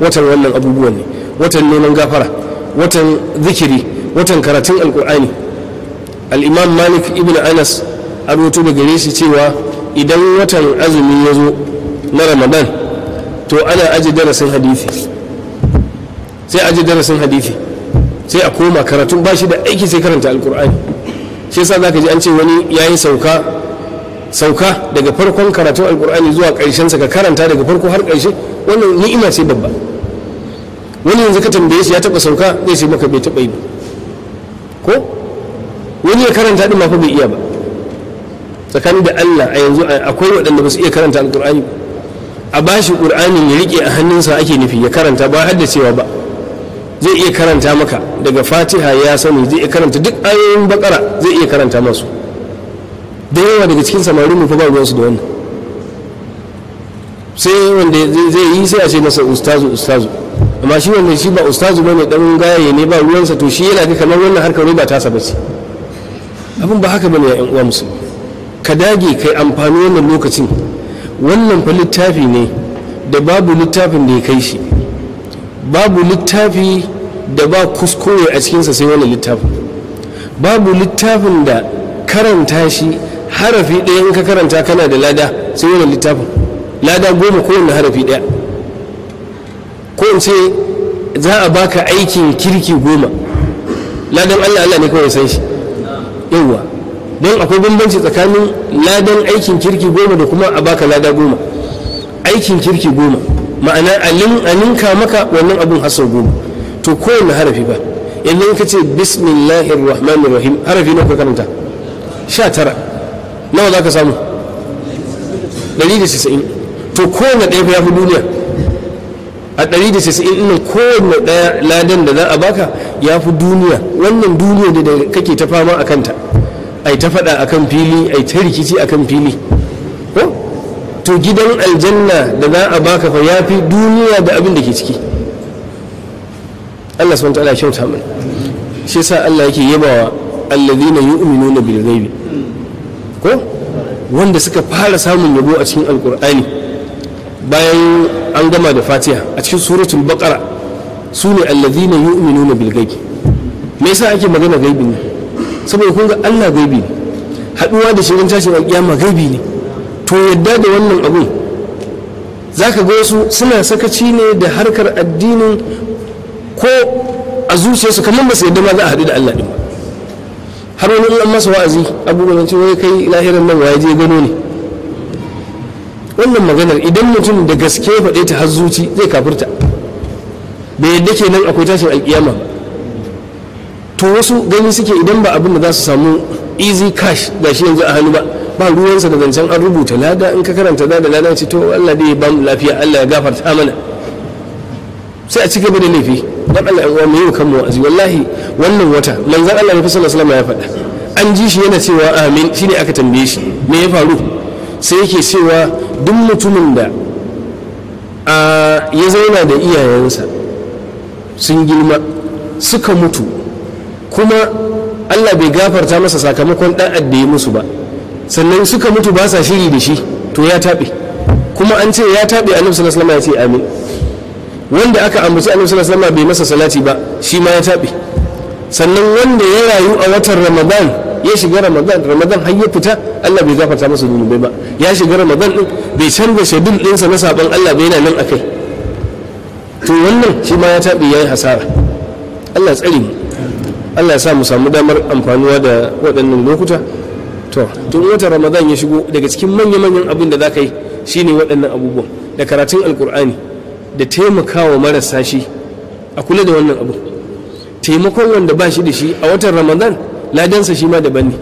watan wannan abubuwan ne watan neman gafara watan zikiri watan karatun alkur'ani al'imam malik ibn anas a rutu da gare shi cewa idan watan azumi ya zo na ramadan to ana aji darasin hadithi sai aji darasin hadithi sai a koma karatun ba shi da aiki sai karanta alkur'ani shi za zaka ji an ce wani yi sauka sauka daga farkon karatun alkur'ani zuwa ƙarshen sa ka karanta daga farko har ƙarshe wannan ni'ima ce babba wani yanzu ka tambaye shi ya taba sauka zai sai maka bai taba yi ko wani ya karanta din mafi bai iya ba tsakanin da Allah a yanzu akwai waɗanda ba su iya karanta alƙur'ani a shi Ƙur'ani ya riƙe a hannunsa ake nufi ya karanta ba har da cewa ba zai iya karanta maka daga fatiha ya sani zai iya karanta duk ayoyin bakara zai iya karanta masu da yawa daga cikin samarin mu fa ba ruwansu da wannan sai wanda zai yi sai a ce masa ustazu ustazu amma shi wanda shi ba ustazu bane dan gaye ne ba ruwansa to shi yana ga kamar wannan harkar ne ba tasa bace abin ba haka bane ya yan uwa musu ka dage kai amfani wannan lokacin wannan fa littafi ne da babu littafin da ya kai shi babu littafi da ba kuskure a cikinsa sai wannan littafin babu littafin da karanta shi harafi ɗaya in ka karanta kana da lada sai wannan littafin lada goma ko kowane harafi ɗaya ko in ce za a baka aikin kirki goma ladan allah allah ne kawai san shi yawwa don akwai bambanci tsakanin ladan aikin kirki goma da kuma a baka lada goma aikin kirki goma ma'ana a ninka maka wannan abin hasar goma to kowane harafi ba idan ka ce bismillahir rahmanir rahim harafi na karanta sha tara nawa za ka samu 190 to kowane ɗaya ya fi duniya a 190 ɗin kowanne ɗaya ladan da za a baka ya fi duniya wannan duniya da kake ta fama a kanta ai ta faɗa a kan fili ai ta rikici a kan fili ko to gidan aljanna da za a baka fa ya fi duniya da abin da ke ciki Allah subhanahu ta'ala kyauta mai shi sa Allah yake yabawa alladhina yu'minuna bil ghaibi ko wanda suka fara samun yabo a cikin alkur'ani bayan an gama da fatiha a cikin suratul baqara su ne allazina yu'minuna bil gaibi me yasa ake magana gaibi ne saboda kun ga Allah gaibi ne haduwa da shi ran tashin gaibi ne to yadda da wannan za zaka ga wasu suna sakaci ne da harkar addinin ko a zuciyarsu kamar ba su yadda ma za a haɗu da Allah din har wani in masa wa'azi abubuwan wai kai lahirin nan wa, ya je gano ne wannan maganar idan mutum da gaske faɗe ta har zai kafurta, da yadda ke nan akwai tashin alƙiyama to wasu gani suke idan ba abin da za su samu easy cash ga shi yanzu a hannu ba ba ruwansa da zancen an rubuta lada in ka karanta da lada ce to Allah dai ba mu lafiya Allah ya gafarta mana sai a ci gaba da laifi dan Allah ya mu yau kanmu azi wallahi wannan wata manzon Allah ya fi sallallahu ya faɗa an ji shi yana cewa amin shine aka tambaye shi me ya faru sai yake cewa duk mutumin da ya zauna da iyayensa sun girma suka mutu kuma allah bai gafarta masa sakamakon ɗan da ya musu ba sannan suka mutu ba sa shiri da shi to ya taɓe kuma an ce ya taɓe annabi sallallahu alaihi ya ce amin wanda aka ambaci annabi sallallahu alaihi bai masa salati ba shi ma ya taɓe sannan wanda ya rayu a watan ramadan ya shiga ramadan ramadan har ya fita Allah bai gafarta masa zunubai ba ya shiga ramadan din bai canza shadul dinsa na saban Allah bai yana nan akai to wannan shi ma ya taɓi ya yi hasara Allah tsari mu Allah ya sa mu samu damar amfanuwa da waɗannan lokuta to tun wata ramadan ya shigo daga cikin manya-manyan abin da za ka yi shine waɗannan abubuwan da karatun alkur'ani da taimakawa marasa shi a kula da wannan abu taimakon wanda ba shi da shi a watan ramadan ladansa shi ma daban ne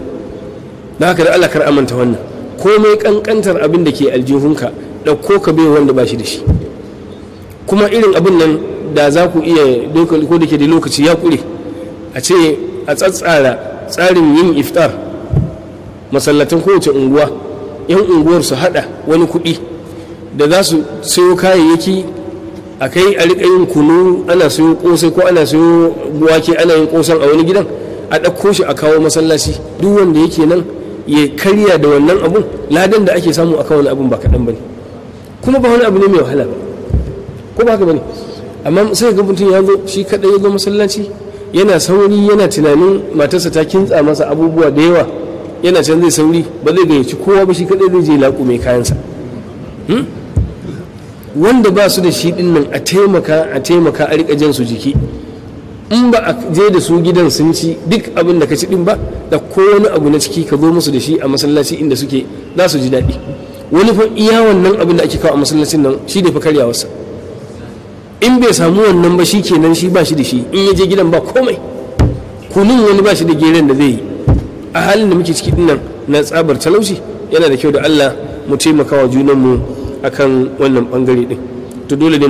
da haka da Allah kar amanta wannan komai kankantar abin da ke aljihunka ɗauko ka bai wanda ba shi da shi kuma irin abin nan da za ku iya ko da ke da lokaci ya kure a ce a tsatsara tsarin yin iftar masallatan kowace unguwa yan unguwar su hada wani kuɗi da za su sayo kayayyaki a kai a riƙa yin kunu ana sayo ƙosai ko ana sayo wake ana yin ƙosan a wani gidan a ɗauko shi a kawo masallaci duk wanda yake nan ya karya da wannan abun ladan da ake samu akan wani abun ba kaɗan ba ne kuma ba wani abu ne mai wahala ba ko ba haka ba ne amma sai ga mutum ya zo shi kaɗai ya zo masallaci yana sauri yana tunanin matarsa ta kintsa masa abubuwa da yawa yana can zai sauri ba zai gayyaci kowa ba shi kaɗai zai je laƙo mai kayansa hmm? wanda ba su da shi ɗin nan a taimaka a taimaka a riƙa jan su jiki in ba a je da su gidan sun ci duk abin da ka ci din ba da ko wani abu na ciki ka zo musu da shi a masallaci inda suke za su ji daɗi wani fa iya wannan abin da ake kawo a masallacin nan shi ne fa karyawarsa in bai samu wannan ba shi kenan shi ba shi da shi in ya je gidan ba komai kunun wani ba shi da geren da zai yi a halin da muke ciki dinnan na tsabar talauci yana da kyau da Allah mu taimaka wa junanmu akan wannan bangare din to dole